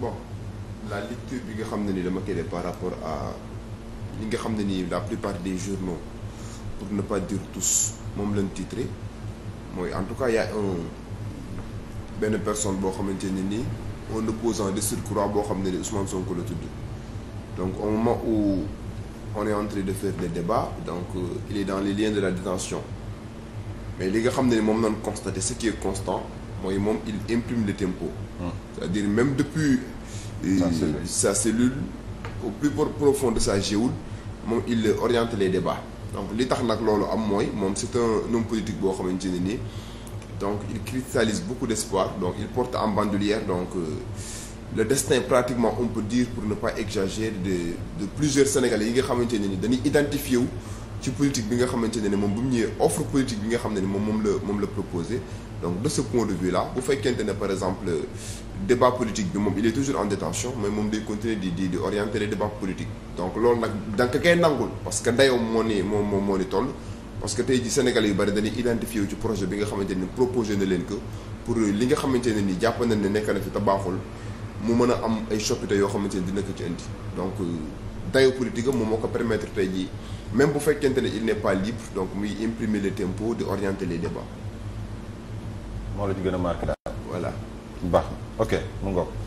bon la lecture bi nga xam ne ni dama koy par rapport a li nga xam ne nii la plupart des journaux pour ne pas dire tous moom lañ titré mooy en tout cas y benn personne boo xamante ne nii un opposant de surcroît boo xam ne ni Ousmane Sonko la tudd donc au moment où on est en de faire des débats donc euh, il est dans les liens de la détention mais li nga xam ne ni moom lañ constaté ce qui est constant mooy moom il imprime le tempo hmm. c'est-à-dire même depuis euh, sa cellule au plus profond de sa géoule moom il oriente les débats donc li tax nag loolu am mooy moom c'est un homme politique boo xamante ne nii donc il cristallise beaucoup d'espoir donc il porte en bandoulière donc euh, le destin pratiquement on peut dire pour ne pas exagérer de de plusieurs Sénégalais yi nga xamante ne ni dañuy identifié wu ci politique bi nga xamante ne moom bu mu ñëwee offre politique bi nga xam ne moom moom la moom la proposé donc de ce point de vue là bu fekkente ne par exemple débat politique bi moom il est toujours en détention mais moom day continuer di di di orienter les débats donc loolu nag da nga nangul parce que dayoo moo ni moo moo ni toll parce que tey ji Sénégalais yu bëri dañuy identifié wu ci projet bi nga xamante ne proposé na leen ko pour li nga xamante ne nii jàpp nañ ne nekk na fi mu mën a am ay soppite yoo xamante ne dina ko dayo politique am moom moo ko permettre tey jii même bu fekkente ne il n'est pas libre donc muy imprimer le tempo di orienter les débats. moo la ci gën a marqué daal. voilà baax na ok mu ngoog.